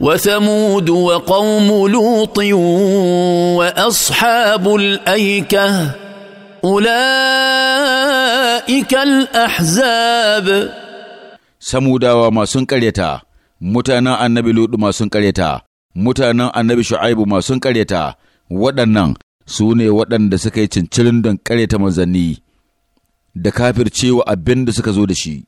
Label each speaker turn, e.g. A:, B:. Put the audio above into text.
A: وثمود وقوم لوط واصحاب
B: الايكه اولئك الاحزاب samudawa ma sun ƙaryata mutanen annabi ludu ma sun ƙaryata mutanen annabi shu'aibu ma sun ƙaryata waɗannan su ne waɗanda suka yi cincirin don karyata manzanni da kafircewa
C: abin da suka zo da shi